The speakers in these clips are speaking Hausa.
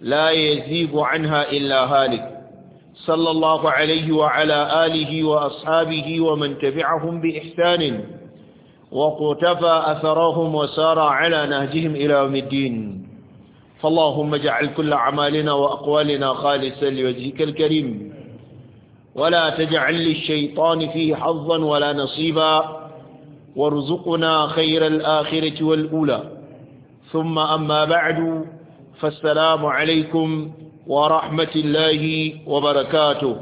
لا يزيغ عنها إلا هالك صلى الله عليه وعلى آله وأصحابه ومن تبعهم بإحسان وقتفى أثرهم وسار على نهجهم إلى يوم الدين فاللهم اجعل كل أعمالنا وأقوالنا خالصا لوجهك الكريم ولا تجعل للشيطان فيه حظا ولا نصيبا وارزقنا خير الآخرة والأولى ثم أما بعد فالسلام عليكم ورحمة الله وبركاته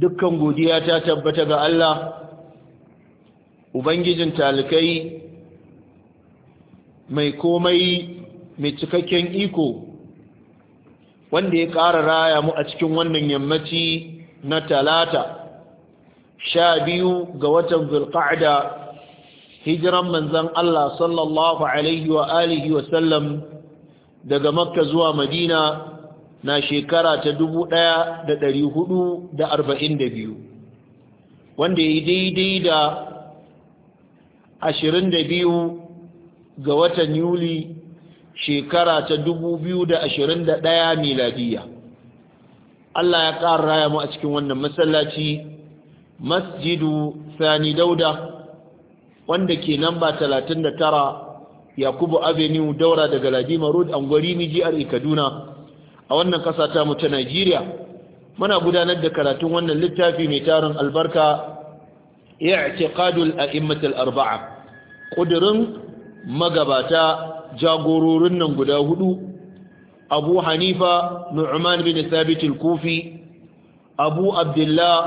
dukkan godiya ta tabbata ga Allah ubangijin talikai mai komai mai cikakken iko wanda ya ƙara raya mu a cikin wannan yammaci na talata sha biyu ga watan zulqa'da hijiran manzan Allah sallallahu alaihi wa alihi wa sallam daga makka zuwa madina na shekara ta biyu, wanda ya daidai da ashirin da biyu ga watan yuli shekara ta ɗaya miladiya Allah ya ƙara raya mu a cikin wannan masallaci masjidu sani dauda wanda ke namba 39 yakubu avenue daura daga ladima road angwarimi jihar kaduna a wannan kasa ta mu ta nigeria muna gudanar da karatun wannan littafi mai tarin albarka a a'immatul arba'a ƙudurin magabata jagororin nan guda hudu abu hanifa nu'man bin thabit al-kufi abu abdullah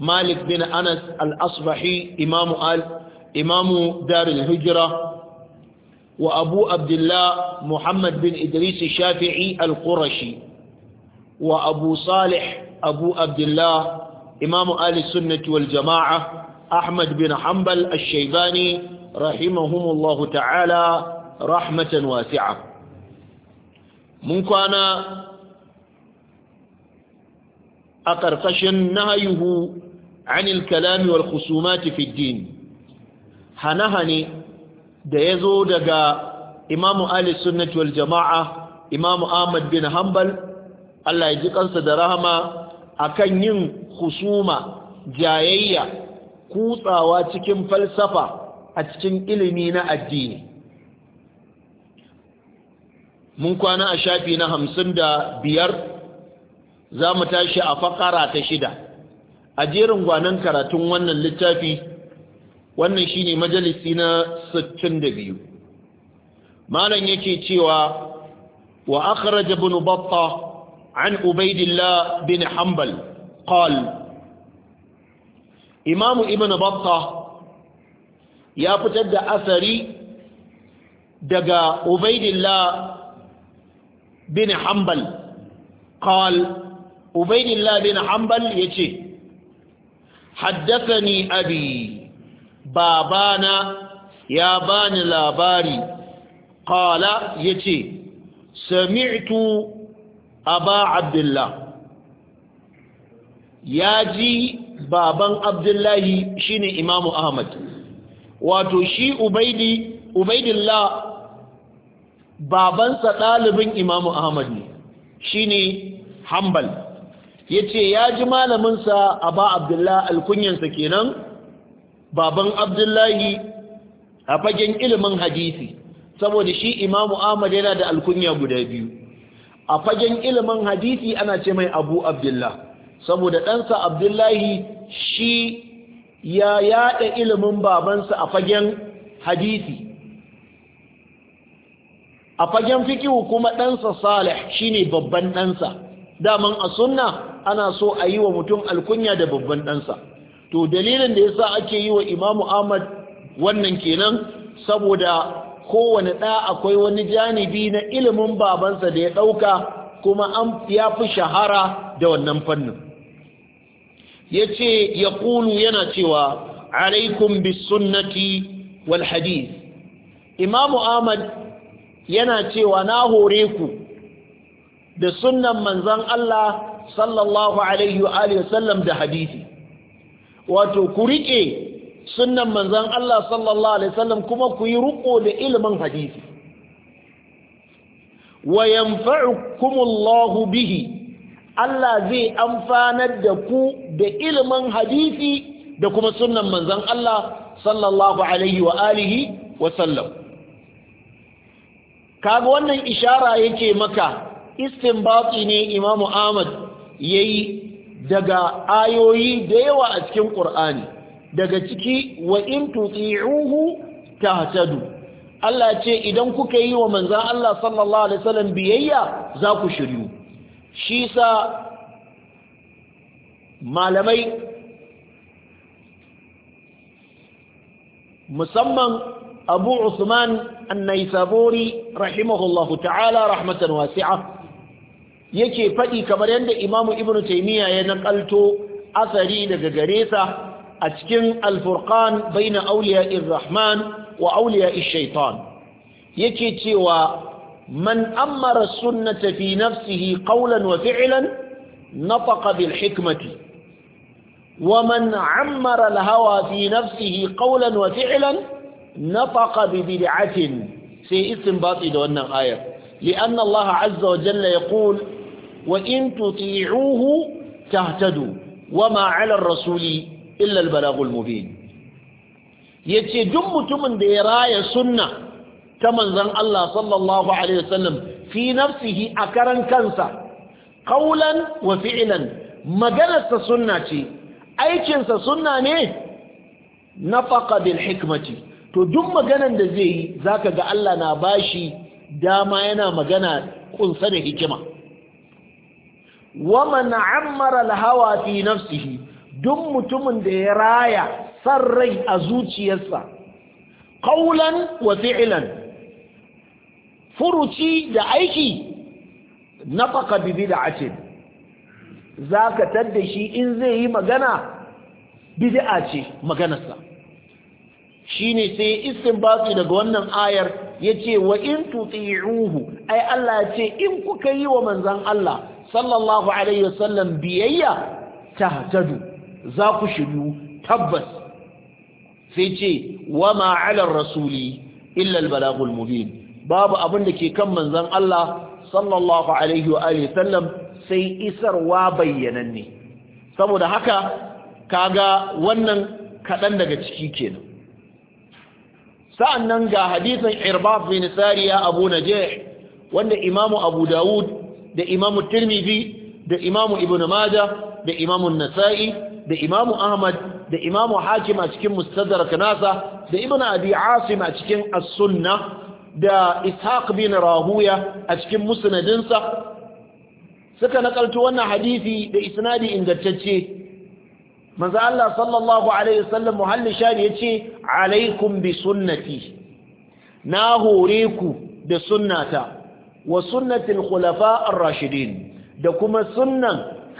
malik bin anas al-asbahi imamu al إمام دار الهجرة وأبو عبد الله محمد بن إدريس الشافعي القرشي وأبو صالح أبو عبد الله إمام آل السنة والجماعة أحمد بن حنبل الشيباني رحمهم الله تعالى رحمة واسعة من كان أقرقش نهيه عن الكلام والخصومات في الدين hane-hane da ya zo daga imamu ali sunnati wal jama'a imamu ahmad bin Hambal. allah ya ji kansa da rahama akan yin husuma jayayya kutsawa cikin falsafa a cikin ilimi na addini mun kwana a shafi na hamsin da biyar za mu tashi a fakara ta shida a jerin gwanon karatun wannan littafi wannan shine majalisi na 62 malam yake cewa wa akhraj ibn batta an ubaidillah bin hanbal qal imamu ibn batta ya fitar da asari daga ubaidillah bin hanbal qal ubaidillah bin hanbal yace haddathani abi babana ya bani labari qala ce, sami'tu aba abdullah yaji baban abdullahi shine imamu ahmad wato shi ubaidi ubaidillah babansa ɗalibin imamu ahmad ne shine hanbal yace yaji malaminsa aba abdullah alkunyansa kenan baban abdullahi a fagen ilimin hadisi saboda shi imamu ahmad yana da alkunya guda biyu a fagen ilimin hadisi ana ce mai abu abdullah saboda ɗansa abdullahi shi ya yaɗa ilimin babansa a fagen hadisi a fagen fikihu kuma ɗansa salih shine babban ɗansa daman a sunna ana so a yi wa mutum alkunya da babban ɗansa to dalilin da yasa ake yi wa imamu ahmad wannan kenan saboda kowane ɗa akwai wani janibi na ilimin babansa da ya ɗauka kuma an ya fi shahara da wannan fannin ya ce ya ƙulu yana cewa alaikum bis sunnati wal hadith imamu ahmad yana cewa na hore ku da sunnan manzon Allah sallallahu alaihi wa sallam da hadisi wato ku riƙe sunnan manzan Allah sallallahu alaihi wasallam kuma ku yi ruƙo da ilimin hadisi wa yanfa'ukumullahu bihi Allah zai amfanar da ku da ilimin hadisi da kuma sunnan Manzan Allah sallallahu alaihi wa alihi kaga wannan ishara yake maka istinbati ne Imam Ahmad yayi daga ayoyi da yawa a cikin ƙur'ani daga ciki wa in tuti'uhu tahtadu Allah ce idan kuka yi wa manzan Allah sallallahu alaihi wasallam biyayya za ku shiryu shi sa malamai musamman Abu Usman An-Naisaburi rahimahullahu ta'ala rahmatan wasi'a yake faɗi kamar yadda imamu ibn taimiyya ya naƙalto asari daga gare sa a cikin alfurkan bai na auliya irrahman wa auliya shaitan yake cewa man ammara sunnata fi nafsihi qawlan wa fi'lan nataqa bil hikmati wa man ammara hawa fi nafsihi qawlan wa fi'ilan nataqa bi bid'atin sai istinbati da wannan ayar لأن الله عز وجل يقول wa in tuti'uhu tahtadu wa ma rasuli illa al mubin yace duk mutumin da ya raya sunna ta manzon Allah sallallahu alaihi wasallam fi nafsihi a karan kansa qawlan wa fi'lan maganarsa sunna ce aikinsa sunna ne nafaqa bil hikmati to duk maganan da zai yi zaka ga Allah na bashi dama yana magana kunsa da hikima wa man ammara al-hawa fi nafsihi duk mutumin da ya raya san rai a zuciyarsa qawlan wa fi'lan furuci da aiki nafaka bi bid'atin zaka tadda shi in zai yi magana bid'a ce maganarsa shine sai istinbati daga wannan ayar yace wa in tuti'uhu ai Allah yace in kuka yi wa manzon Allah sallallahu alaihi wasallam biyayya tahtadu za ku shiryu tabbas sai ce wa ma ala rasuli illa albalagul mubin babu abin da ke kan manzon Allah sallallahu alaihi wa alihi sallam sai isarwa bayyananne saboda haka kaga wannan kaɗan daga ciki kenan sa'annan ga hadisin irbaf bin sariya abu najih wanda imamu abu dawud da imamu tirmidhi da imamu ibn maja da imamu nasa'i da imamu ahmad da imamu hakim a cikin mustadrak nasa da ibn abi asim a cikin as-sunna da ishaq bin rahuya a cikin musnadinsa suka nakalto wannan hadisi da isnadi ingantacce manzo Allah sallallahu alaihi wasallam muhalli shari yace alaikum bi sunnati na hore ku da sunnata wa sunnatil khulafa ar-rashidin da kuma sunnan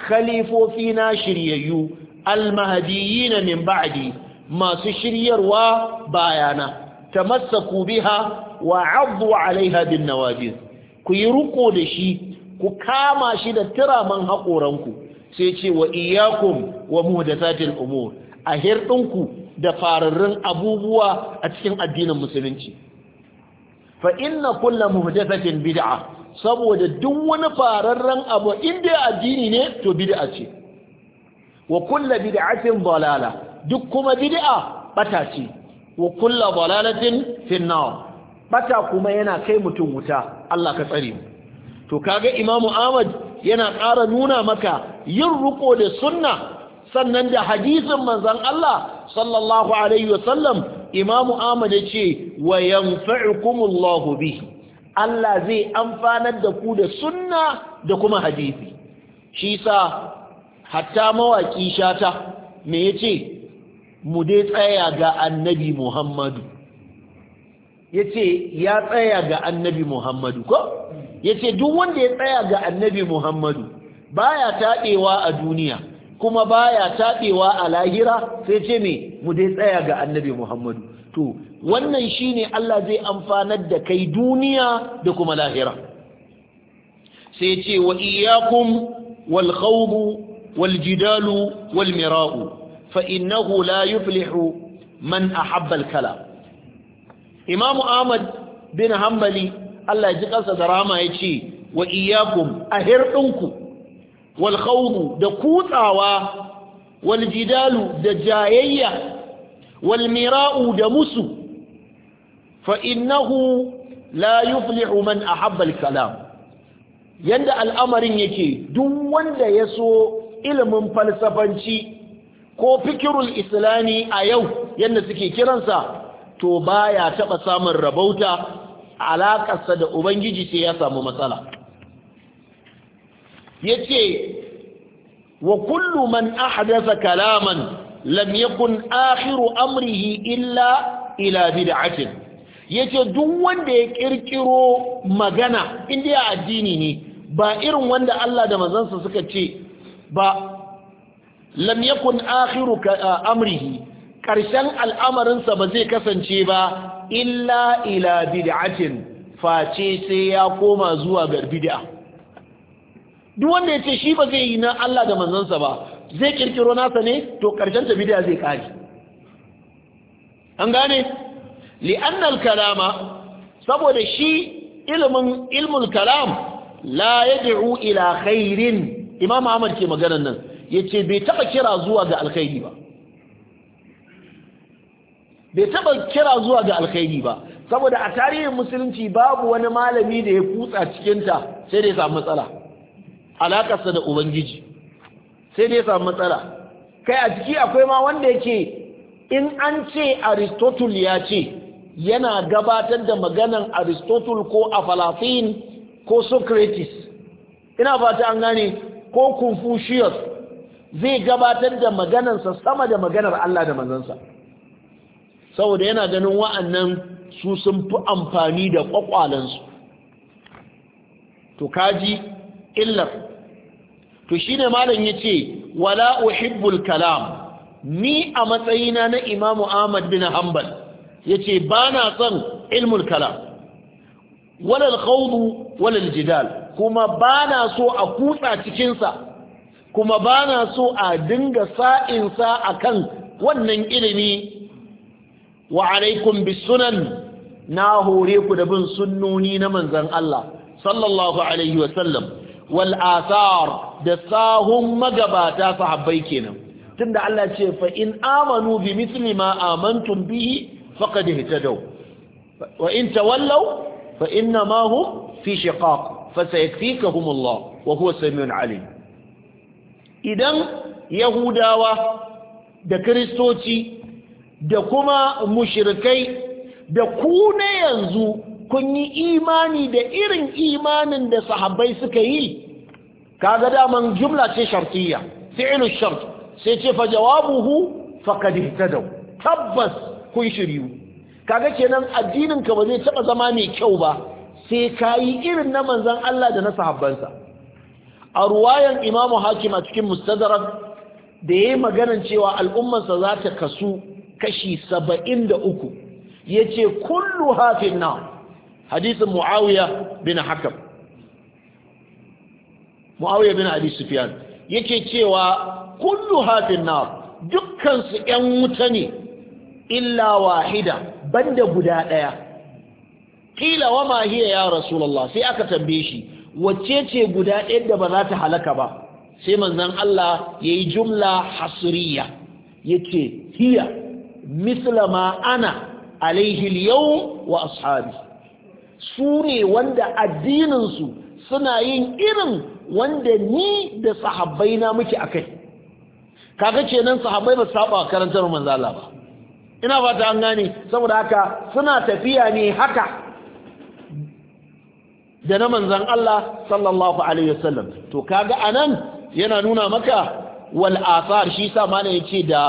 khalifofi na shiryayyu al-mahdiyyin min ba'di masu shiryarwa bayana tamassaku biha wa 'addu 'alayha bin nawajid ku yi ruko da shi ku kama shi da tiraman haƙoranku sai ce wa iyakum wa muhdathatil umur a hirdinku da fararrun abubuwa a cikin addinin musulunci fa inna kullu muhdathatin bid'a saboda duk wani fararren abu inda addini ne to bid'a ce wa kullu bid'atin dalala duk kuma bid'a bata ce wa kullu dalalatin fi nar bata kuma yana kai mutum wuta Allah ka tsare mu to kaga imamu Ahmad yana ƙara nuna maka yin ruko da sunna sannan da hadisin manzon Allah sallallahu alaihi wasallam imamu ahmad ya ce wa yanfa'ukumullahu bihi Allah zai amfanar da ku da sunna da kuma hadisi shi sa hatta mawaki shata me yace mu dai tsaya ga annabi Muhammadu yace ya tsaya ga annabi Muhammadu ko yace duk wanda ya tsaya ga annabi Muhammadu baya tadewa a duniya kuma baya taɓewa a lahira sai ce me mu dai tsaya ga annabi muhammadu to wannan shine Allah zai amfanar da kai duniya da kuma lahira sai ce wa iyakum wal waljidalu wal jidalu wal mira'u fa innahu la yuflihu man a habbal kala. imamu ahmad bin hambali Allah ji ƙasa da rama yace wa iyakum a hirɗinku wal da kutsawa wal jidalu da jayayya Walmira'u da musu fa'innahu la yi man ahabba kalam yanda al'amarin yake duk wanda ya so ilimin falsafanci ko fikirul islami a yau yadda suke kiransa to baya taɓa samun rabauta alaƙarsa da ubangiji sai ya samu matsala yace wa kullu man kalaman lam yakun akhiru amrihi illa ila bid'atin yace duk wanda ya kirkiro magana inda ya addini ne ba irin wanda Allah da manzansa suka ce ba lam yakun akhiru amrihi karshen al'amarinsa ba zai kasance ba illa ila bid'atin face sai ya koma zuwa ga bid'a duk wanda ya ce shi ba zai yi na Allah da manzansa ba zai kirkiro nasa ne to karshen ta bidiya zai kare an gane li'annal kalama saboda shi ilmin ilmul kalam la yad'u ila khairin imam ahmad ke maganar nan yace bai taba kira zuwa ga alkhairi ba bai taba kira zuwa ga alkhairi ba saboda a tarihin musulunci babu wani malami da ya kutsa cikin ta sai da ya samu matsala Alaƙarsa da ubangiji sai dai samu matsala kai a jiki akwai ma wanda yake in an ce aristotle ya ce yana gabatar da maganan aristotle ko afalafin ko socrates ina fata an gane ko confucius zai gabatar da maganansa sama da maganar allah da manzansa saboda yana ganin wa'annan su sun fi amfani da ƙwaƙwalansu to kaji illar to shi ne malam ya ce wala uhibbul kalam ni a matsayina na imamu ahmad bin hanbal ya ce ba na son ilmul kalam walal khawdu walal jidal kuma ba na so a kutsa cikinsa kuma ba na so a dinga sa'insa a kan wannan ilimi wa alaikum bisunan na hore ku da bin sunnoni na manzan Allah sallallahu alaihi wasallam wal'asar da sahun magabata sahabbai kenan tunda Allah ce fa in amanu bi mithli ma amantum bihi faqad ihtadaw wa in tawallaw fa inna ma fi shiqaq fa sayakfikahum Allah wa huwa alim idan yahudawa da kiristoci da kuma mushirikai da ku na yanzu kun yi imani da irin imanin da sahabbai suka yi kaga daman jumla ce shartiyya fi'lu shart sai ce fa jawabuhu faqad ihtadaw tabbas kun shiryu kaga kenan addinin ka ba zai taba zama mai kyau ba sai kayi irin na manzon Allah da na sahabbansa a ruwayan Imam Hakim a cikin Mustadrak da yayi maganan cewa al'ummarsa za ta kasu kashi 73 yace kullu hafin nar hadisin mu'awiya bin hakam mu'awiya bin abi sufyan yake cewa kullu hafin na dukkansu 'yan wuta ne illa wahida banda guda ɗaya Ƙila wa ma hiya ya rasulullah sai aka tambaye shi wacce ce guda ɗayan da ba za ta halaka ba sai manzon Allah yayi jumla hasriya yace hiya misla ma ana alaihi al wa ashabi su ne wanda addininsu suna yin irin wanda ni da sahabbai na muke a kai kaga kenan sahabbai ba su saba karantar manzala ba ina fata an gane saboda haka suna tafiya ne haka da na manzan Allah sallallahu alaihi wasallam to kaga anan yana nuna maka wal athar shi sa mana yace da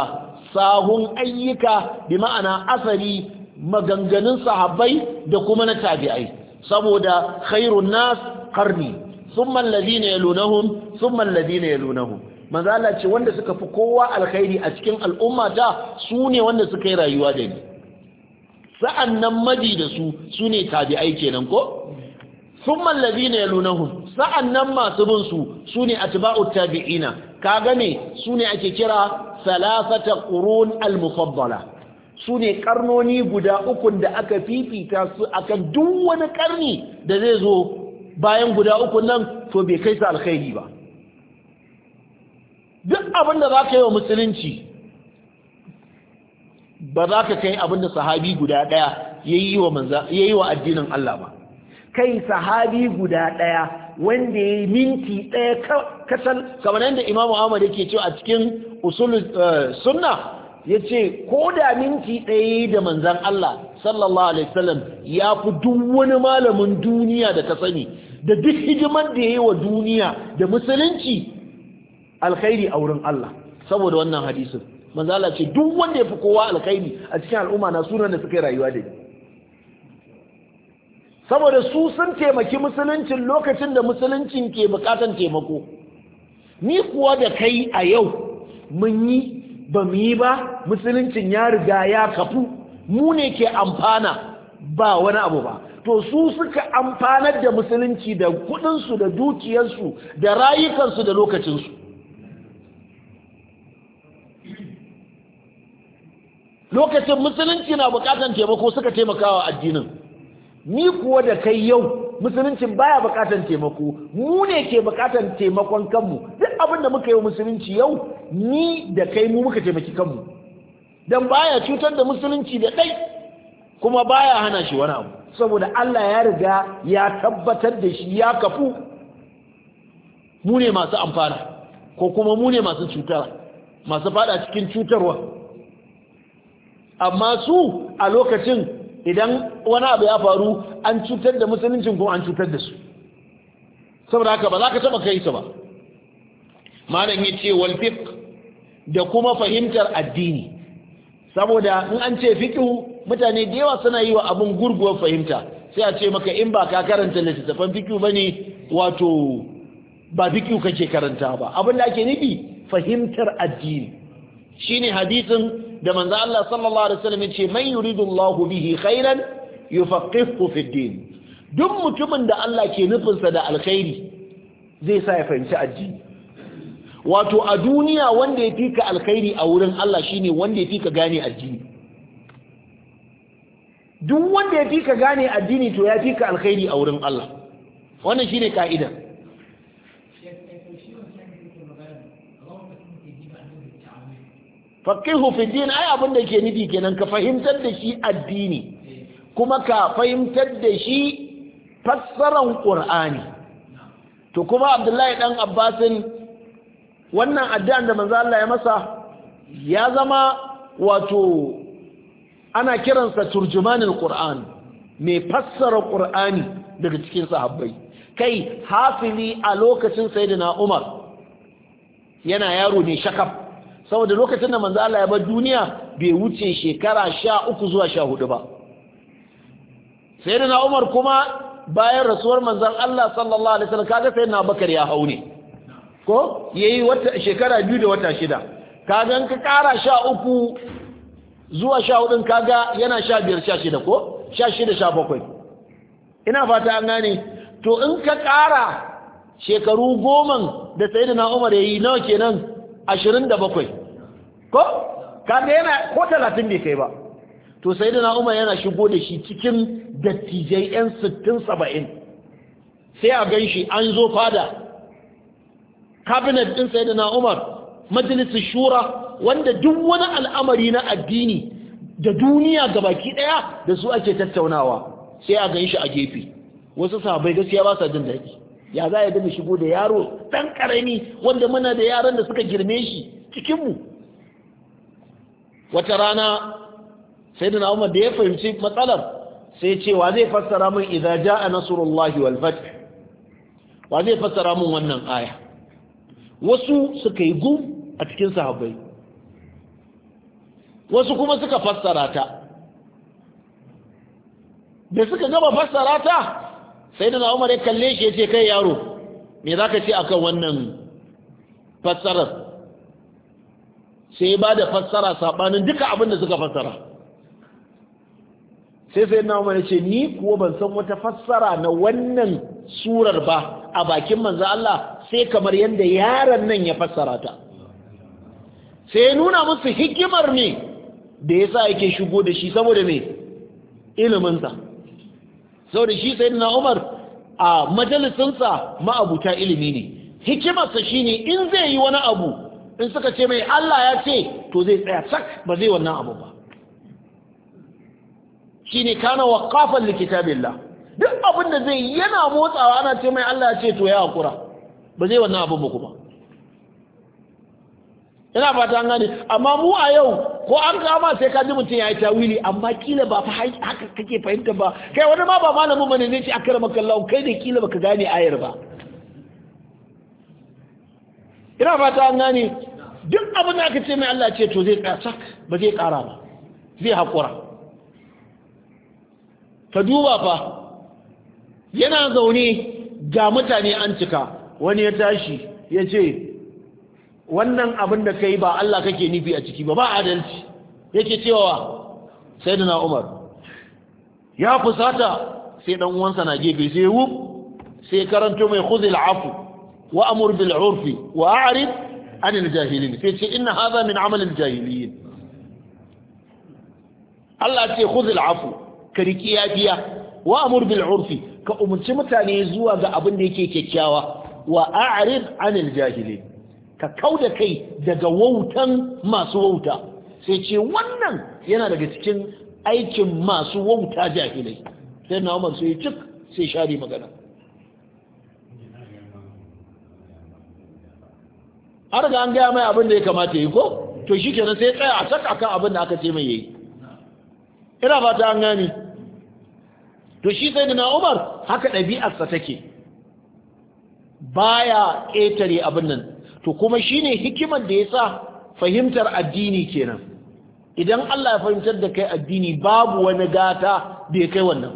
sahun ayyuka bi ma'ana asali. maganganun sahabbai da kuma na tabi'ai saboda khairun nas qarni thumma alladhina yalunahum thumma alladhina yalunahum manzo Allah ce wanda suka fi kowa alkhairi a cikin al'ummata su ne wanda suka yi rayuwa da ni sa'annan maji da su ne tabi'ai kenan ko thumma alladhina yalunahum sa'annan masu bin su su ne atba'ut tabi'ina kaga ne su ne ake kira salasata qurun al-mufaddala su ne karnoni guda ukun da aka fifita su akan duk wani karni da zai zo bayan guda ukun nan to bai kai su alkhairi ba duk abin da za ka yi wa musulunci ba za ka kai abin da sahabi guda ɗaya ya yi wa addinin Allah ba kai sahabi guda ɗaya wanda ya yi minti ɗaya kasal kamar yadda imamu ahmad yake cewa a cikin usul eh, sunna ya ce ko da minti ɗaya da manzan Allah sallallahu alaihi wasallam ya fi duk wani malamin duniya da ka sani da duk hidimar da ya yi wa duniya da musulunci alkhairi a wurin Allah saboda wannan hadisin manzo Allah ce duk wanda ya fi kowa alkhairi a cikin al'umma na sunan da suka yi rayuwa da saboda su sun taimaki musuluncin lokacin da musuluncin ke bukatan taimako ni kuwa da kai a yau mun yi ba mu yi ba musuluncin ya riga ya kafu mu ne ke amfana ba wani abu ba to su suka amfanar da musulunci da kudinsu da dukiyarsu da rayukansu da lokacinsu lokacin musulunci na bukatan taimako suka taimakawa addinin ni kuwa da kai yau musuluncin baya bukatan taimako mu ne ke bukatan taimakon kanmu duk abin da muka yi wa musulunci yau ni da kai mu muka taimaki kanmu dan baya cutar da musulunci da dai kuma baya hana shi wani abu saboda Allah ya riga ya tabbatar da shi ya kafu mu ne masu amfana ko kuma mu ne masu cutar masu fada cikin cutarwa amma su a lokacin idan wani abu ya faru an cutar da musuluncin kuma an cutar da su saboda haka ba za ka taba kai su ba malam ya ce wal da kuma fahimtar addini saboda in an ce fiqhu mutane da yawa suna yi wa abun gurguwar fahimta sai a ce maka in ba ka karanta littattafan fiqhu bane wato ba fiqhu kake karanta ba abin da ake nufi fahimtar addini shine hadisin da manzo Allah sallallahu alaihi wasallam ya ce man yuridullahu bihi khairan yufaqihu fi din duk mutumin da Allah ke nufinsa da alkhairi zai sa ya fahimci addini wato a duniya wanda ya fika alkhairi a wurin Allah shine wanda ya fika gane addini duk wanda ya fika gane addini to ya fika alkhairi a wurin Allah wannan shine ka'ida faqihu fi din ai abin da ke nufi kenan ka fahimtar da shi addini kuma ka fahimtar da shi fassaran qur'ani to kuma abdullahi dan abbasin wannan addu'an da manzo Allah ya masa ya zama wato ana kiransa turjumanin qur'an mai fassara qur'ani daga cikin sahabbai kai hafili a lokacin sayyidina umar yana yaro ne shakaf saboda lokacin da manzo Allah ya bar duniya bai wuce shekara sha uku zuwa sha hudu ba sayyidina Umar kuma bayan rasuwar manzon Allah sallallahu alaihi wasallam kaga sayyidina Bakar ya haune ko yayi wata shekara biyu da wata shida kaga in ka kara sha zuwa sha hudun kaga yana sha biyar ko sha shida ina fata an gane to in ka kara shekaru goma da sayyidina Umar yayi nawa kenan ashirin da bakwai ko kaga yana ko talatin bai kai ba to sai da umar yana shigo da shi cikin dattijai yan sittin saba'in sai a gan shi an zo fada kabinet ɗin sai da umar majalisar shura wanda duk wani al'amari na addini da duniya ga baki ɗaya da su ake tattaunawa sai a gan shi a gefe wasu sabai gaskiya ba sa jin daɗi ya za ya mu shigo da yaro ɗan ƙarami wanda muna da yaran da suka girme shi cikinmu wata rana sai da na'umar da ya fahimci matsalar sai cewa zai fassara min idza a nasrullahi wal walfat wa zai fassara min wannan aya wasu suka yi gum a cikin sahabbai wasu kuma suka fassara ta da suka gaba fassara ta sai da umar ya kalle shi ya ce kai yaro me za ka ce a kan wannan fassarar sai ba da fassara saɓanin duka abin da suka fassara sai sai na umar ya ce ni kuwa ban san wata fassara na wannan surar ba a bakin manza Allah sai kamar yadda yaron nan ya fassara ta sai ya nuna musu hikimar ne da ya sa yake shigo da shi saboda me iliminsa da shi sayyidina Umar a majalisinsa ma'abuta ilimi ne hikimarsa ne, in zai yi wani abu in suka ce mai Allah ya ce to zai tsaya sak ba zai wannan abu ba ne kana kafan likita kitabillah duk abin da zai yana motsawa ana ce mai Allah ya ce to ya hakura ba zai wannan abu ba kuma Yana fata an gane amma mu a yau ko an kama sai ka ji mutum ya yi tawili amma kila ba fa haka kake fahimta ba kai wani ma ba malamu bane ne ce akara makallahu kai da kila baka gane ayar ba ina fata an gane duk abin da aka ce mai Allah ce to zai ba zai kara ba zai hakura ka duba fa yana zaune ga mutane an cika wani ya tashi ya ce wannan abin da kai ba Allah kake nufi a ciki ba ba adalci yake cewa sayyidina Umar ya fusata sai dan uwansa na gefe sai wuf sai karanto mai khudhil afu wa amur bil urfi wa a'rid anil jahilin sai ce inna hadha min amal al jahiliyin Allah ce khudhil afu ka riki yafiya wa amur bil urfi ka umurci mutane zuwa ga abin da yake kyakkyawa wa a'rid anil jahilin ka kau da kai daga wautan masu wauta sai ce wannan yana daga cikin aikin masu wauta jahilai sai na umar sai cik sai share magana har ga an gaya mai abin da ya kamata yi ko to shi kenan sai tsaya a saka kan abin da aka ce mai yayi ina ba ta an gani to shi sai na umar haka ɗabi'arsa take baya ƙetare abin nan to kuma shine hikimar da yasa fahimtar addini kenan idan Allah ya fahimtar da kai addini babu wani gata da kai wannan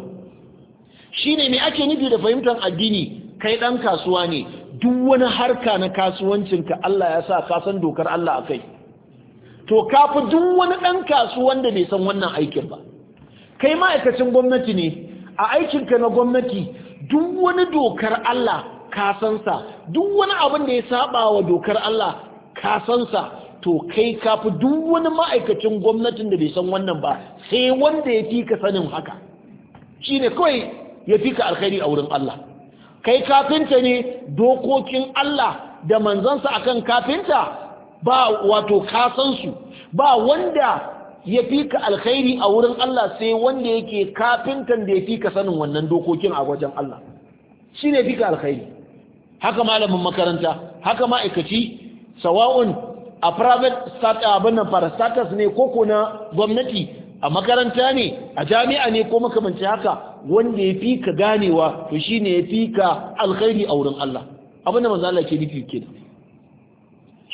shine me ake nufi da fahimtar addini kai dan kasuwa ne duk wani harka na kasuwancin ka Allah ya sa ka san dokar Allah akai to kafi duk wani dan kasuwan da bai san wannan aikin ba kai ma'aikacin gwamnati ne a aikinka na gwamnati duk wani dokar Allah Kasansa, duk wani abin da ya saba wa dokar Allah kasansa to kai kafi duk wani ma'aikacin gwamnatin da bai san wannan ba sai wanda ya fi ka sanin haka shi ne kawai ya fi ka alkhairi a wurin Allah kai kafinta ne dokokin Allah da manzansa akan kafinta ba wato kasansu ba wanda ya fi ka alkhairi a wurin Allah sai wanda yake kafintan da ya fi ka sanin wannan dokokin a wajen Allah shi ne fi ka alkhairi haka malamin makaranta haka ma'aikaci sawa'un a private start abin nan status ne ko na gwamnati a makaranta ne a jami'a ne ko makamanci haka wanda ya fi ka ganewa to shine ya fi ka alkhairi a wurin Allah abin da manzo Allah ke nufi kenan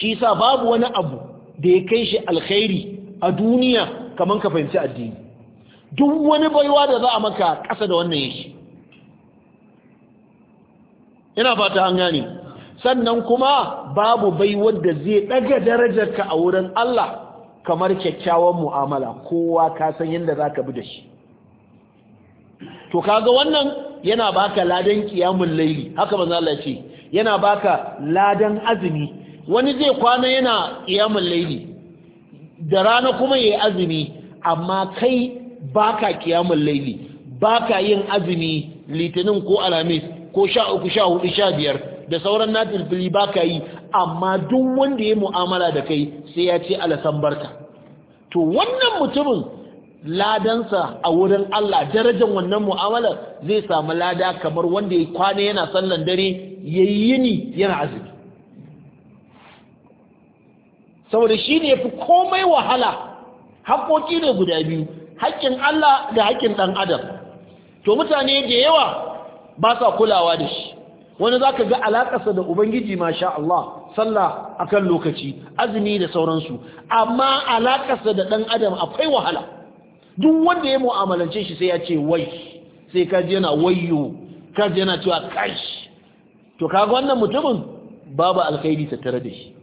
shi yasa babu wani abu da ya kai shi alkhairi a duniya kaman ka fahimci addini duk wani baiwa da za a maka ƙasa da wannan yake ina fata hanya ne, sannan kuma babu bai wadda zai daga darajarka a wurin Allah kamar kyakkyawan mu'amala kowa ka san yadda za ka bi da shi to kaga wannan yana baka ladan kiyamun laili haka manzo Allah ce yana baka ladan azumi wani zai kwana yana kiyamun laili da rana kuma yayi azumi amma kai baka kiyamun laili baka yin azumi litinin ko alamis ko sha uku sha hudu sha biyar da sauran filfili ba ka yi amma duk wanda ya mu'amala da kai sai ya ce alasan barka to wannan mutumin ladansa a wurin Allah darajar wannan mu'amalar zai samu lada kamar wanda ya kwana yana sallan dare ya yi yini yana azumi saboda shi ne fi komai wahala haƙoƙi ne guda biyu haƙƙin Allah da haƙƙin ɗan adam to mutane da yawa ba sa kulawa da shi wani za ka ga alaƙasa da ubangiji masha Allah sallah a kan lokaci azumi da sauransu amma alaƙasa da ɗan adam akwai wahala duk wanda ya mu'amalance shi sai ya ce wai sai ka ji yana wayo ka ji yana cewa kashi to kaga wannan mutumin babu alkhairi tare da shi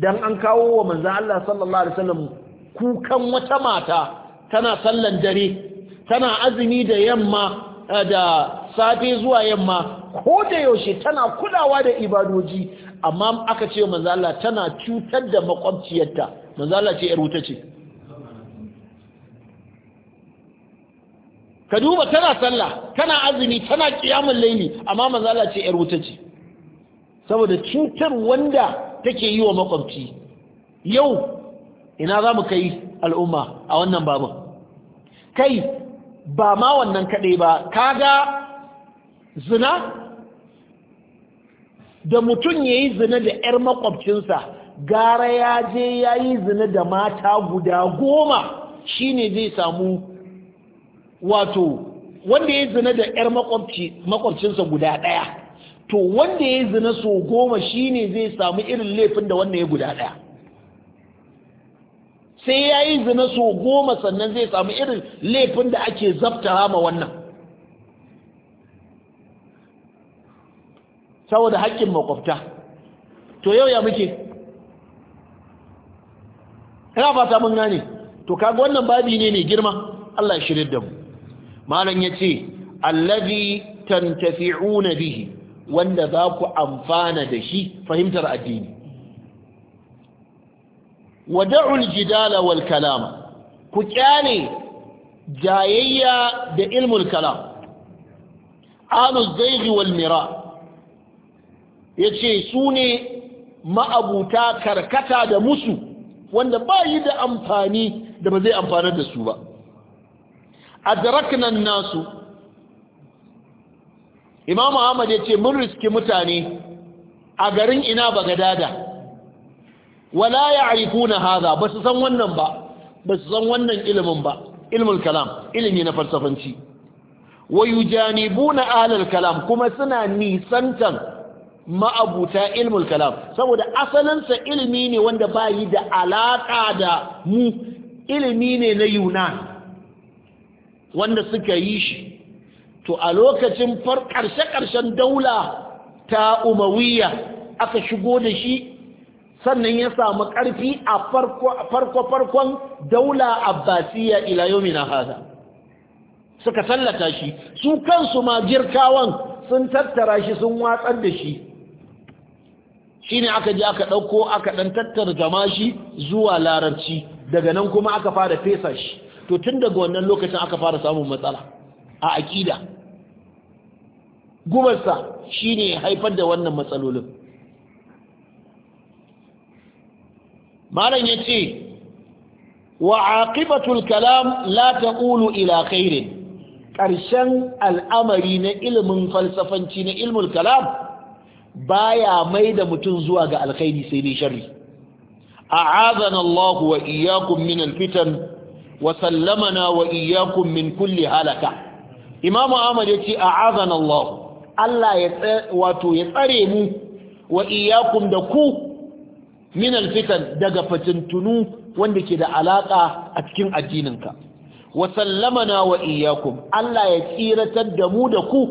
dan an kawo wa manzo Allah sallallahu alaihi wasallam kukan wata mata tana sallan dare tana azumi da yamma eh, da safe zuwa yamma ko da yaushe tana kulawa da ibadoji amma aka ce mazala tana cutar da makwabciyarta Mazala ce yar wuta ce ka duba tana sallah tana azumi tana kiyamun laili amma mazala ce yar wuta ce saboda cutar wanda take yi wa makwabci yau ina za mu kai al'umma a wannan babu kai ba ma wannan kaɗai ba ka ga. zina da mutum ya yi zina da 'yar makwabcinsa gara ya je ya yi zina da mata guda goma shi ne zai samu wato wanda ya zina da 'yar makwabcinsa guda ɗaya to wanda ya zina so goma shi ne zai samu irin laifin da wanda ya guda ɗaya sai ya yi zina so goma sannan zai samu irin laifin da ake zaftara ma wannan saboda haƙƙin makwabta to yau ya muke ina fata mun gane to kaga wannan babi ne mai girma Allah ya shirye da mu malam yace allazi tantafi'una bihi wanda za ku amfana da shi fahimtar addini wada'ul jidala wal kalama ku kyale jayayya da ilmul kalam alu zaighi wal mira ya ce su ne ma'abuta karkata da musu wanda ba yi da amfani da ba zai amfani da su ba A daraknan nasu imamu ahmad ya ce mun riski mutane a garin ina ba ga dada? wala ya na haza ba su san wannan ba ba su san wannan ilimin ba ilimin kalam ilimi na falsafanci janibu na alal kalam kuma suna nisantan ma'abuta ilmul kalam saboda asalinsa ilimi ne wanda ba yi da alaƙa da mu ilimi ne na yunan wanda suka yi shi to a lokacin far ƙarshe-ƙarshen daula ta umawiya aka shigo da shi sannan ya samu ƙarfi a farko-farkon daula abbasiya ila yau na haza suka tallata shi su kansu ma jirkawan sun tattara shi sun watsar da shi shine aka je aka ɗauko aka ɗan gama shi zuwa larabci daga nan kuma aka fara fesa shi to tun daga wannan lokacin aka fara samun matsala a aƙida gubarsa shine haifar da wannan matsalolin malam ya ce wa aqibatul kalam la taqulu ila khairin ƙarshen al'amari na ilimin falsafanci na ilmul kalam baya mai da mutum zuwa ga alkhairi sai dai sharri a'azana Allah wa iyyakum min alfitan wa sallamana wa iyyakum min kulli halaka Imam Ahmad yace a'azana Allah Allah ya wato ya tsare mu wa iyyakum da ku min alfitan daga fatintunu wanda ke da alaka a cikin addininka wa sallamana wa iyyakum Allah ya tsiratar da mu da ku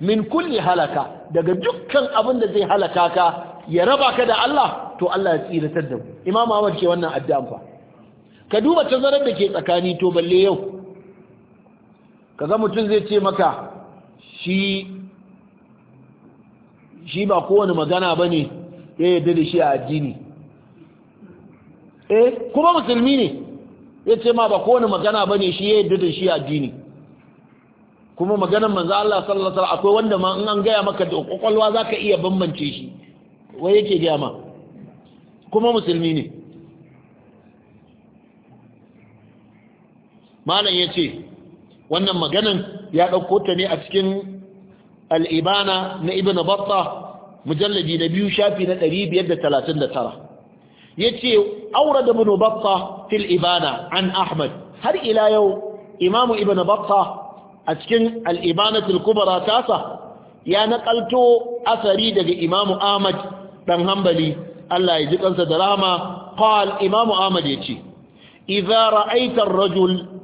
min kulli halaka daga dukkan abin da zai halaka ka ya raba ka da Allah to Allah ya tsiratar da mu Imam Ahmad ke wannan addu'an fa ka duba tazarar da ke tsakani to balle yau kaga mutum zai ce maka shi shi ba kowane magana bane ya yarda da shi a addini eh kuma musulmi ne ya ce ma ba kowane magana bane shi ya yarda da shi a addini kuma maganar manzo Allah sallallahu alaihi wasallam akwai wanda ma in an gaya maka da kwakwalwa zaka iya bambance shi wai yake gaya ma kuma musulmi ne malam yace wannan maganan ya dauko ta ne a cikin al-ibana na ibnu battah mujalladi na biyu shafi na 539 yace aurada ibnu battah fil ibana an ahmad har ila yau imamu ibnu battah a cikin al'ibanatul kubara tasa ya naƙalto asari daga imamu ahmad ɗan hambali Allah ya ji kansa da rahama qal imamu ahmad ya ce Iza ra'aitar ar-rajul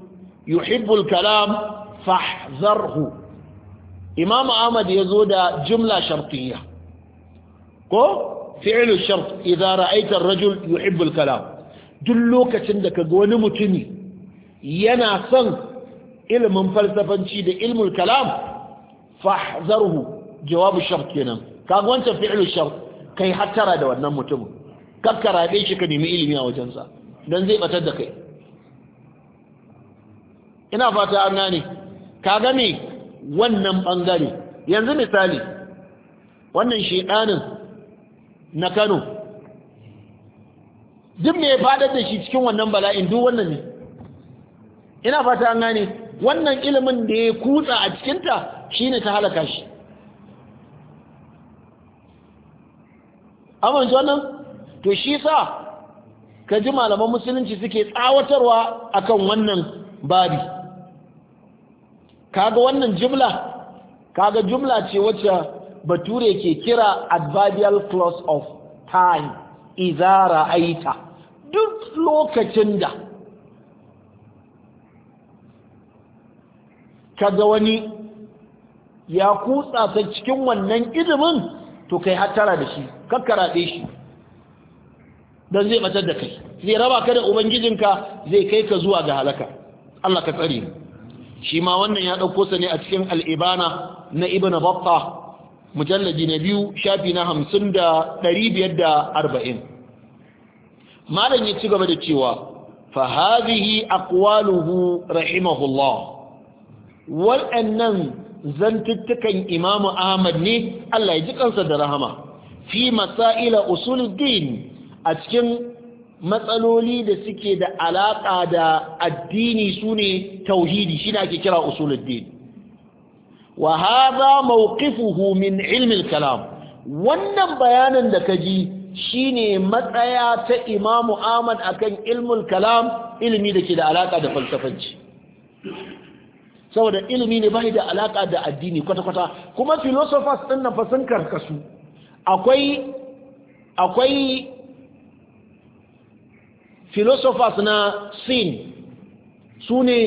yuhibbu al-kalam fahzarhu imamu ahmad ya zo da jumla shartiyya ko fi'lu shart iza ra'aitar rajul yuhibbu al-kalam duk lokacin da ka ga wani mutumi yana son ilimin falsafanci da ilmul kalam fahzarhu jawabu shart kenan kaga wancan fi'lu shart kai hattara da wannan mutum kakkarabe shi ka nemi ilimi a wajensa dan zai batar da kai ina fata an gane kaga me wannan bangare yanzu misali wannan shedanin na Kano duk me ya fadar da shi cikin wannan bala'in duk wannan ne ina fata an gane wannan ilimin da ya kutsa a cikinta shi ne ta halaka shi amince wannan to shi sa ka ji malaman musulunci suke tsawatarwa akan wannan babi kaga wannan jumla kaga jumla ce wacce bature ke kira adverbial clause of time izara aita duk lokacin da kaga wani ya kutsa ta cikin wannan ilimin to kai hattara da shi kakkaraɗe shi don zai batar da kai zai raba ka da ubangijinka zai kai ka zuwa ga halaka Allah ka tsare shi ma wannan ya ɗauko sa ne a cikin al'ibana na ibn batta mujallaji na biyu shafi na hamsin da ɗari biyar da arba'in malam ya ci gaba da cewa fa hadhihi aqwaluhu rahimahullah waɗannan zantuttukan imamu ahmad ne Allah ya ji kansa da rahama fi masaila usuluddin a cikin matsaloli da suke da alaƙa da addini sune tauhidi shi ake kira usuluddin wa hadha mawqifuhu min ilmi al-kalam wannan bayanin da kaji shine matsaya ta imamu ahmad akan ilmul kalam ilmi da ke da alaƙa da falsafanci saboda ilimi ne bai da alaka da addini kwata-kwata kuma filosofas din nan fa sun karkasu akwai akwai philosophers na sin su ne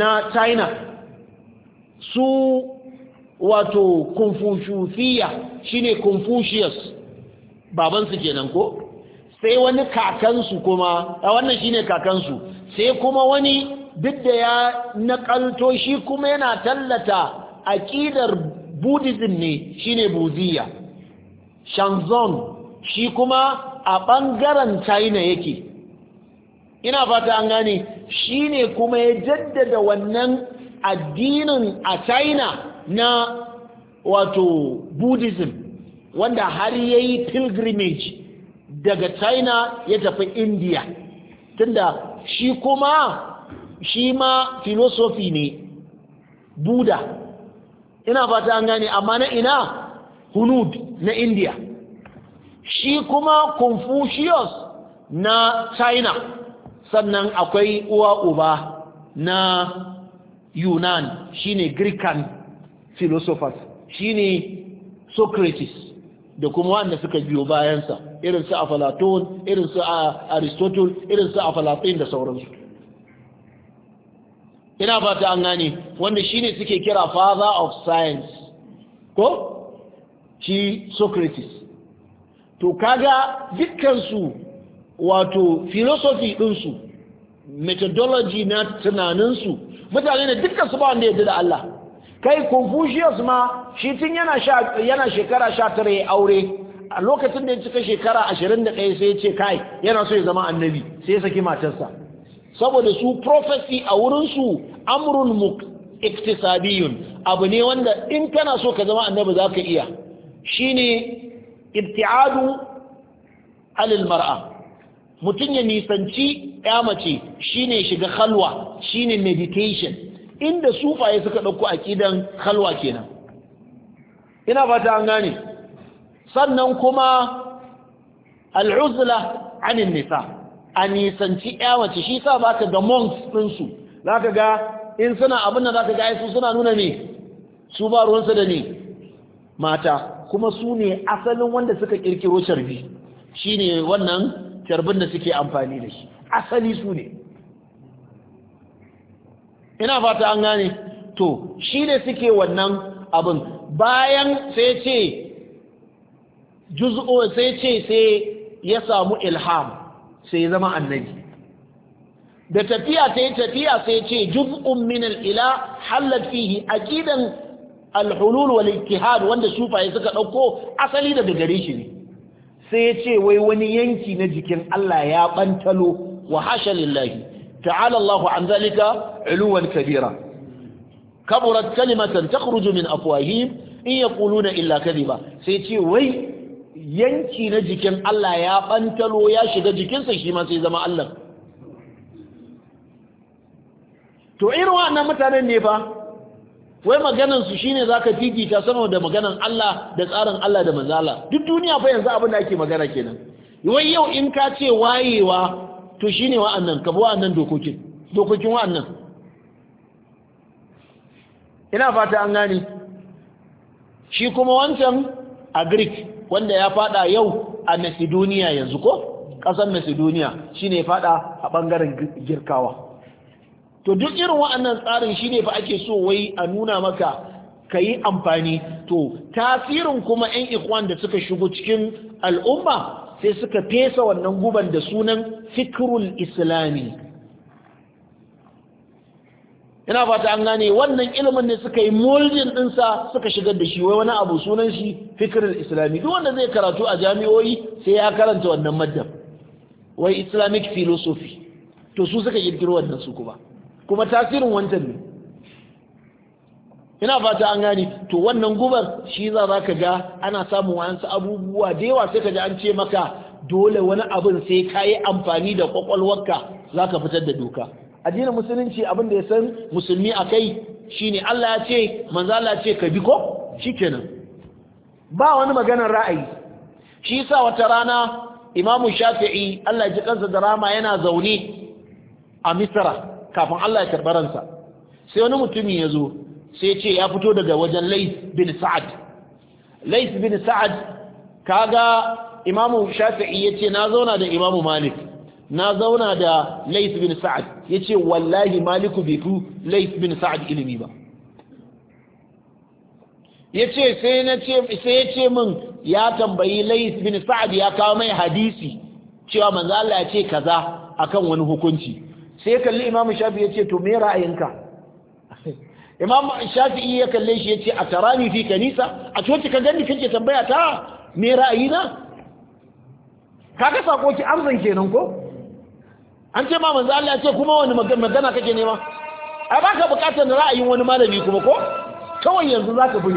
na china su wato Shi shine confucius babansu kenan ko sai wani kakansu kuma a wannan shine kakansu sai kuma wani duk da ya naƙalto shi kuma yana tallata aƙidar buddhism ne shine buziya shanzon shi kuma a ɓangaren china yake ina fata an gane shi ne kuma ya jaddada wannan addinin a china na wato buddhism wanda har ya yi pilgrimage daga china ya tafi india tunda shi kuma shi ma filosofi ne buda ina fata an gane amma na ina hunud na india shi kuma confucius na china sannan akwai uwa uba na yunan shi shine greekan philosophers ne socrates da kuma wanda suka biyo bayansa irinsu a platon irinsu a ah, aristotle irinsu a platon da sauransu ina fata ta an gane wanda shi ne suke kira father of science ko shi socrates to kaga dukkansu wato philosophy ɗinsu methodology na tunaninsu mutane da dukkansu ba wanda yadda da Allah kai confucius ma shi tun yana shekara sha tara ya aure a lokacin da ya cika shekara ashirin da ɗaya sai ya ce kai yana so ya zama annabi sai ya saki matarsa saboda su prophecy a wurinsu amrun mu iktisabiyun abu ne wanda in kana so ka zama annabi za ka iya shine ibti'adu alil mar'a mutum ya nisanci ya mace shine shiga khalwa shine meditation inda sufaye suka ɗauko aƙidan khalwa kenan ina fata an gane sannan kuma al'uzla anin nisa a nisanci yawace shi sa ba ka ga monks ɗinsu za ka ga in suna abin da za ka ga su suna nuna ne su ba ruwansa da ne mata kuma su ne asalin wanda suka kirkiro carbi shi ne wannan carbin da suke amfani da shi asali su ne ina fata an gane to shi ne suke wannan abin bayan sai ce juz'o sai ce sai ya samu ilham sai ya zama annabi da tafiya ta yi tafiya sai ce juz'un min ila halat fihi aqidan al-hulul wal ittihad wanda sufaye suka dauko asali daga gare shi ne sai ya ce wai wani yanki na jikin Allah ya bantalo wa hasha lillahi ta'ala Allahu an zalika uluwan kabira kaburat kalimatan takhruju min afwahihim in yaquluna illa kadhiba sai ce wai yanki na jikin Allah ya bantalo ya shiga jikinsa shi ma sai zama Allah to irin wannan mutanen ne fa wai maganan su shine zaka fifita sama da maganan Allah da tsarin Allah da manzala duk duniya fa yanzu abin da ake magana kenan wai yau in ka ce wayewa to shine wa'annan ka bi wa'annan dokokin dokokin wa'annan ina fata an gani shi kuma wancan a Greek wanda ya fada yau a macedonia yanzu ko ƙasar macedonia shine ya fada a bangaren girkawa to duk irin wa'annan tsarin shine fa ake so wai a nuna maka ka yi amfani to tasirin kuma 'yan ikwan da suka shigo cikin al'umma sai suka fesa wannan guban da sunan fikrul islami ina fata an gane wannan ilimin ne suka yi muljin dinsa suka shigar da shi wai wani abu sunan shi fikirin islami duk wanda zai karatu a jami'o'i sai ya karanta wannan madda wai islamic philosophy to su suka kirkiro wannan su kuma kuma tasirin wancan ne ina fata an gane to wannan gubar shi za za ka ga ana samun wayansu abubuwa da yawa sai ka ji an ce maka dole wani abin sai ka amfani da kwakwalwarka za ka fitar da doka addinin musulunci abin da ya san musulmi a kai shine Allah ya ce manzo Allah ya ce ka bi ko Shi kenan. ba wani maganar ra'ayi shi sa wata rana Imamu Shafi'i Allah ya ji kansa da rama yana zaune a Misra kafin Allah ya karbar sai wani mutumi ya zo sai ce ya fito daga wajen Lais bin Sa'ad Lais bin Sa'ad kaga Imamu Shafi'i ya ce na zauna da Imamu Malik na zauna da Lais bin Sa'ad yace wallahi Maliku bai fi Lais bin Sa'ad ilimi ba yace sai na ce sai yace min ya tambayi Lais bin Sa'ad ya kawo mai hadisi cewa manzo Allah ya ce kaza akan wani hukunci sai kalli Imam Shafi yace to me ra'ayinka Imam Shafi'i ya kalle shi yace atarani fi kanisa a coci ka gani kake tambaya ta me ra'ayina kaga sako ki amsan kenan ko an ce ma manzo Allah ya ce kuma wani magana kake nema ai baka bukatar ra'ayin wani malami kuma ko kawai yanzu zaka bi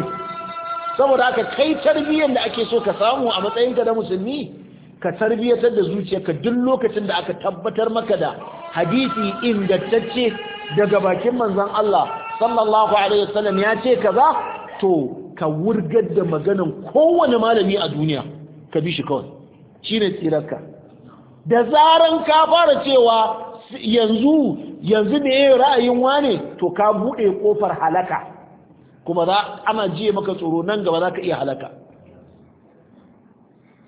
saboda haka kai tarbiyyar da ake so ka samu a matsayin ka da musulmi ka tarbiyyatar da ka duk lokacin da aka tabbatar maka da hadisi ingantacce daga bakin manzon Allah sallallahu alaihi wasallam ya ce kaza to ka wurgar da maganan kowane malami a duniya ka bi shi kawai shine tsirarka da zaran ka fara cewa yanzu yanzu ne ra'ayin wane to ka bude kofar halaka kuma za ana jiye maka tsoro nan gaba za ka iya halaka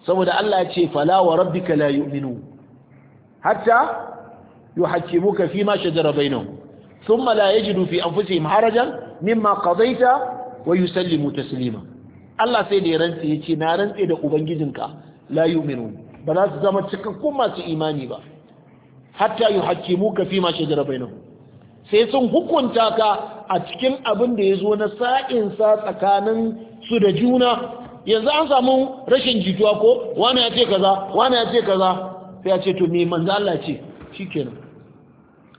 saboda Allah ya ce fala wa rabbika la yu'minu hatta yuhaqqimuka fi ma shajara bainahum thumma la yajidu fi anfusihim harajan mimma qadaita wa yusallimu taslima Allah sai da ya rantsi yace na rantsi da ubangijinka la yu'minun ba za su zama cikakkun masu imani ba hatta yi hakimu ka fi mashi jira sai sun hukunta ka a cikin abin da ya zo na sa'insa tsakanin su da juna yanzu an samu rashin jituwa ko wani ya ce kaza wani ya ce kaza sai ya ce to me manzo Allah ce shikenan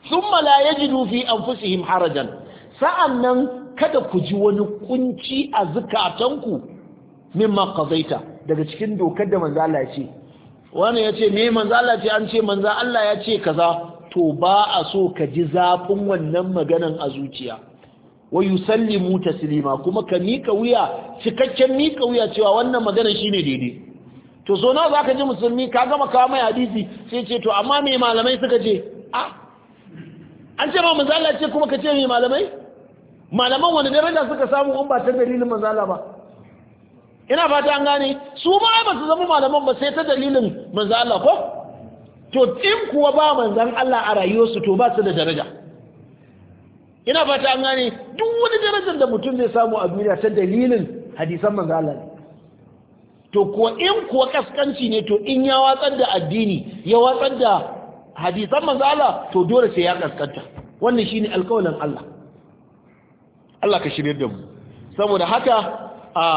thumma la yajidu fi anfusihim harajan sa'annan kada ku ji wani kunci a zukatanku mimma qadaita daga cikin dokar da manzo Allah ya ce wani ya ce me manzo Allah ce an ce manzo Allah ya ce kaza to ba a so ka ji zafin wannan maganan a zuciya wa yusallimu taslima kuma ka mika wuya cikakken mika wuya cewa wannan magana shine daidai to so nawa zaka ji musulmi ka gama kawo mai hadisi sai ce to amma me malamai suka ce a an ce ma manzo Allah ce kuma ka ce me malamai malaman wani daraja suka samu in ba ta dalilin manzo Allah ba ina fata an gane su ma ba su zama malaman ba sai ta dalilin manzan Allah ko to in kuwa ba manzan Allah a rayuwarsu to ba su da daraja ina fata an gane duk wani darajar da mutum zai samu a duniya ta dalilin hadisan manzan Allah ne to kuwa in kuwa kaskanci ne to in ya watsar da addini ya watsar da hadisan manzan Allah to dole sai ya kaskanta wannan shine alƙawarin Allah Allah ka shirye da mu saboda haka a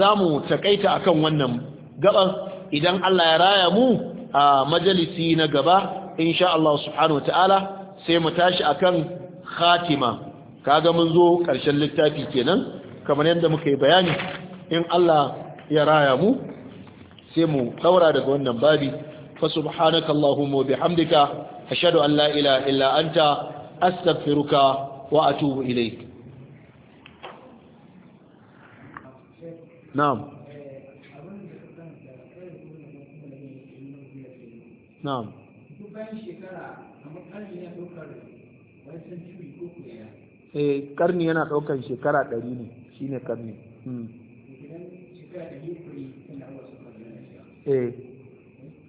zamu takaita akan wannan gaban idan Allah ya raya mu a majalisi na gaba insha Allah subhanahu ta'ala sai mu tashi akan khatima kaga mun zo karshen littafi kenan kamar yadda muka yi bayani in Allah ya raya mu sai mu daura daga wannan babi fa subhanaka allahumma bihamdika ashhadu an la ilaha illa anta astaghfiruka wa atubu ilayk na'am na'am eh karni yana ɗaukar shekara ɗari ne shine karni hmm. eh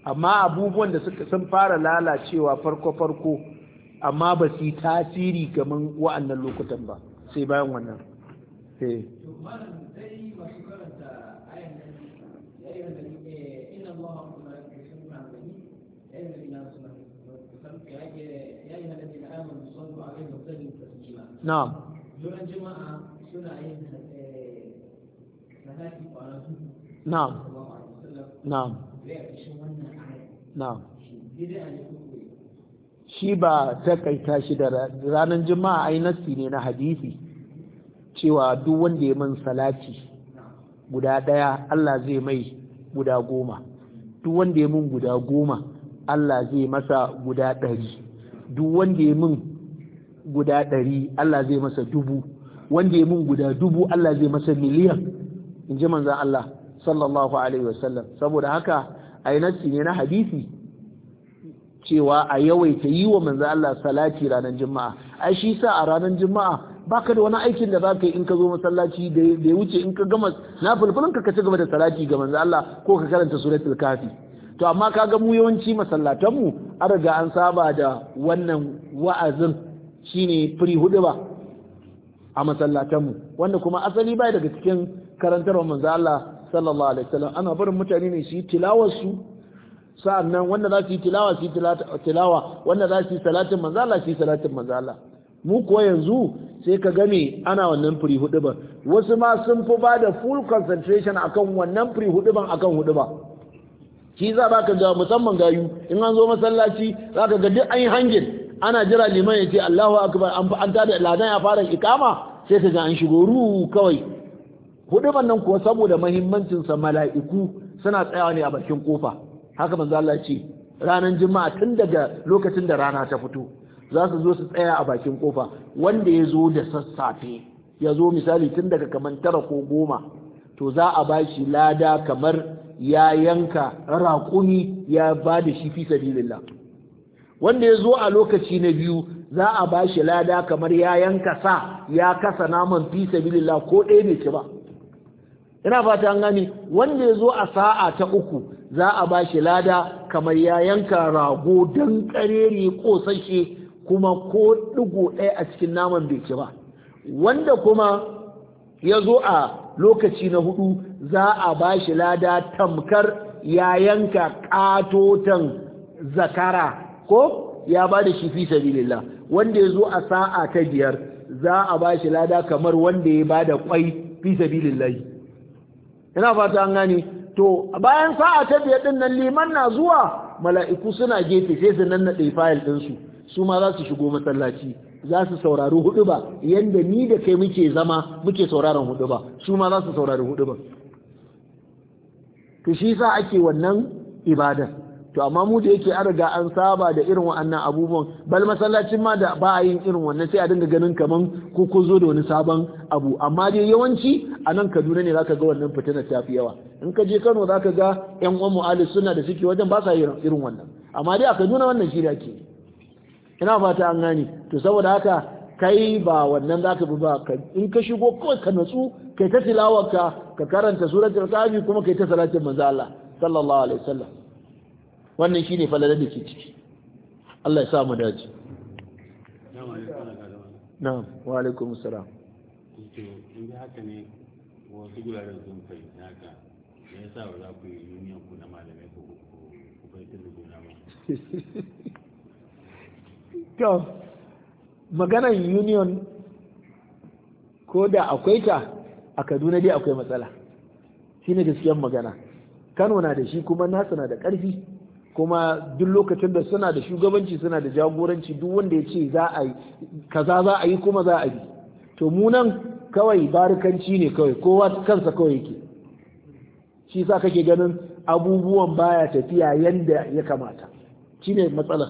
amma abubuwan da suka sun fara lalacewa farko-farko amma ba su yi tasiri gaman wa'annan lokutan ba sai bayan wannan eh الله الذين يا الذين امنوا صلوا عليه وسلموا تسليما نعم سنة نعم نعم shi ba takaita shi da ranar juma'a ai nassi ne na hadisi cewa duk wanda ya min salati guda daya Allah zai mai guda goma duk wanda ya mun guda goma Allah zai masa guda ɗari duk wanda ya mun guda ɗari Allah zai masa dubu wanda ya mun guda dubu Allah zai masa miliyan in ji manzan Allah sallallahu alaihi wasallam saboda haka a nassi ne na hadisi cewa a yawaita yi wa manzan Allah salati ranar juma'a ai shi sa a ranar juma'a baka da wani aikin da za ka yi in ka zo masallaci da ya wuce in ka gama na fulfulun ka ci gaba da salati ga manzo Allah ko ka karanta suratul kafi to amma kaga mu yawanci masallatan mu an riga an saba da wannan wa'azin shine firi hudu ba a masallatan mu wanda kuma asali bai daga cikin karantarwar manzo Allah sallallahu alaihi wasallam ana barin mutane ne su yi tilawar su sa'annan wanda za su yi tilawa su yi tilawa wanda za su yi salatin manzo Allah su yi salatin manzo Allah mu kuwa yanzu sai ka game ana wannan firi hudu ba wasu ma sun fi ba da full concentration akan wannan firi hudu ban akan hudu ba shi za ba ka ga musamman gayu in an zo masallaci za ka ga duk an yi hangin ana jira liman ya ce allahu akbar an da ladan ya fara ikama sai ka ga an shigo ruhu kawai hudu ban nan kuwa saboda sa mala'iku suna tsayawa ne a bakin kofa haka manzo Allah ce ranar juma'a tun daga lokacin da rana ta fito za su zo su tsaya a bakin kofa wanda ya zo da sassafe ya zo misali tun daga kamar tara ko goma to za a ba shi lada kamar ya yanka raƙumi ya ba da shi fi sabilillah wanda ya zo a lokaci na biyu za a ba shi lada kamar ya yanka sa ya kasa naman fi sabilillah ko ɗaya ne ci ba ina fata gani wanda ya zo a sa'a ta uku za a ba shi lada kamar ya yanka rago don ƙarere ko sashe. kuma ko ɗigo ɗaya a cikin naman bai ci ba wanda kuma ya zo a lokaci na hudu za a ba shi lada tamkar ya yanka ƙatotan zakara ko ya ba da shi fi sabilillah wanda ya zo a sa'a ta biyar za a ba shi lada kamar wanda ya ba da kwai fi sabilillah Yana fata an gani. to bayan sa'a ta biyar ɗin nan liman na zuwa mala'iku suna gefe sai su nan na ɗai fayil ɗinsu su ma za su shigo masallaci za su saurari hudu ba yadda ni da kai muke zama muke sauraron hudu ba su ma za su saurari hudu ba to shi sa ake wannan ibada. to amma mu da yake an riga an saba da irin wannan abubuwan bal masallacin ma da ba a yin irin wannan sai a dinga ganin kaman ko ko zo da wani sabon abu amma dai yawanci a nan Kaduna ne zaka ga wannan fitina ta fi yawa in ka je Kano zaka ga ƴan uwan mu suna da suke wajen ba sa yin irin wannan amma dai a Kaduna wannan shi ke ake ina fata an gani to saboda haka kai ba wannan zaka bi ba in ka shigo kawai ka natsu kai ta tilawarka ka karanta suratul kafi kuma kai ta salatin manzo Allah sallallahu alaihi wasallam wannan shine fa da ke ciki Allah ya sa mu dace na'am wa alaikum assalam in haka ne wasu gurare sun fahimta haka me yasa ba za ku yi union ku na malamai ko ku fahimtar da juna ba to maganar union ko da akwai ta a kaduna dai akwai matsala shi ne gaskiyar magana kano na da shi kuma nasa na da ƙarfi kuma duk lokacin da suna da shugabanci suna da jagoranci duk wanda ya ce za a yi kaza za a yi kuma za a yi to mu nan kawai barikanci ne kawai kowa kansa kawai yake shi sa kake ganin abubuwan baya tafiya yadda ya kamata Shi ne matsalar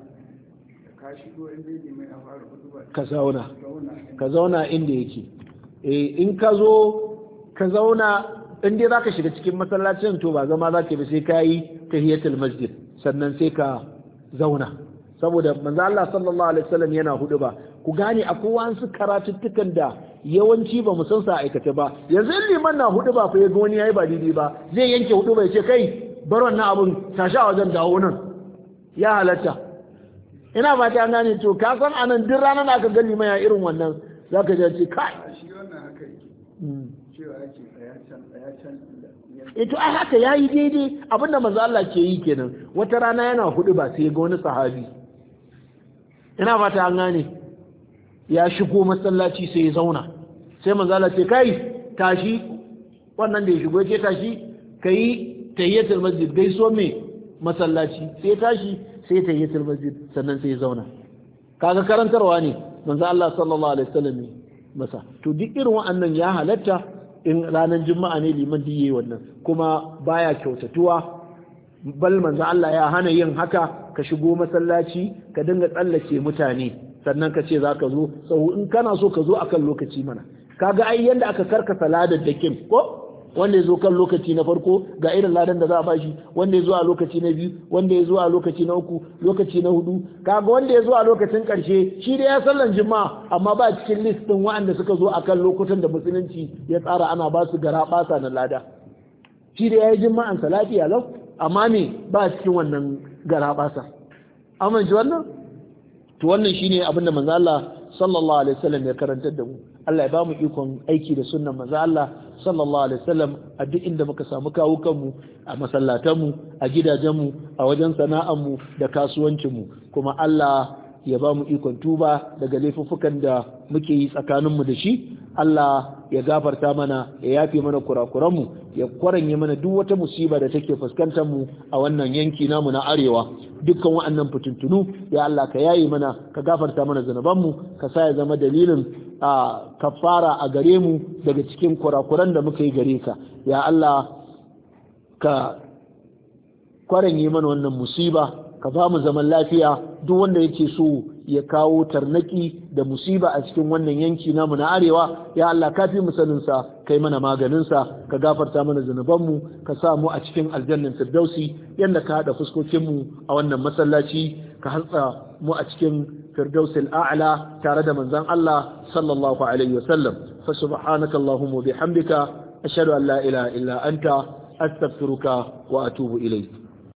ka zauna ka zauna inda yake eh, in ka zo ka zauna in dai zaka shiga cikin masallacin to ba zama zaka ba sai kayi tahiyatul masjid sannan sai ka zauna saboda manzo Allah sallallahu alaihi wasallam yana hudu ba ku gane akwai wasu karatuttukan da yawanci ba mu san sa aikata ba yanzu in liman na hudu ba fa ya wani yayi ba didi ba zai yanke hudu ba ya ce kai bar wannan abun tashi a wajen dawo nan ya halatta ina ba ta gane to ka san anan duk ranar da aka ga liman ya irin wannan za ka ji ce kai mm. eh, to ai haka ya yi daidai abinda manzo Allah ke yi kenan wata rana yana hudu ba sai ga wani sahabi ina ba ta gane ya shigo masallaci sai ya zauna sai manzo Allah ce kai tashi wannan da ya shigo ya ce tashi kai tahiyatul masjid gaiso me masallaci sai tashi sai ta yi masjid sannan sai zauna kaga karantarwa ne manzo Allah sallallahu alaihi wasallam masa to duk irin wa'annan ya halatta in ranar juma'a ne liman diye wannan kuma baya kyautatuwa bal manzo Allah ya hana yin haka ka shigo masallaci ka dinga tsallake mutane sannan ka ce zaka zo sau in kana so ka zo akan lokaci mana kaga ai yanda aka karkasa ladar dakin ko wanda ya zo kan lokaci na farko ga irin ladan da za a bashi wanda ya zo a lokaci na biyu wanda ya zo a lokaci na uku lokaci na hudu kaga wanda ya zo a lokacin karshe shi da ya sallan juma'a amma ba cikin list din waɗanda suka zo a kan lokutan da musulunci ya tsara ana ba su gara basa na lada shi da ya yi jima'an sa a lau amma ne ba cikin wannan gara basa amince wannan to wannan shine abin da manzo Allah sallallahu alaihi wasallam ya karantar da mu Allah ya ba mu ikon aiki da sunnan manzo Allah sallallahu alaihi wasallam a duk inda muka samu kawo kanmu a masallatanmu a gidajenmu a wajen sana'armu da kasuwancinmu kuma Allah ya ba mu ikon tuba daga laifuffukan da muke yi tsakaninmu da shi Allah ya gafarta mana ya yafe mana kurakuranmu ya kwaranye mana duk wata musiba da take fuskantar mu a wannan yanki namu na arewa dukkan wa'annan fitintunu ya Allah ka ya'yi mana ka gafarta mana mu ka sa ya zama dalilin a kafara a gare mu daga cikin kurakuran da muka yi gare ka ya Allah ka kwaranye mana wannan musiba ka ba mu zaman lafiya duk wanda yake so ya kawo tarnaki da musiba a cikin wannan yanki namu na arewa ya Allah ka fi mu saninsa kai mana maganin sa ka gafarta mana zanuban mu ka sa mu a cikin aljannan firdausi yanda ka haɗa fuskokinmu a wannan masallaci ka hantsa mu a cikin firdausi a'la tare da manzon Allah sallallahu alaihi wasallam fa subhanaka allahumma bihamdika ashhadu an la ilaha illa anta astaghfiruka wa atubu ilayk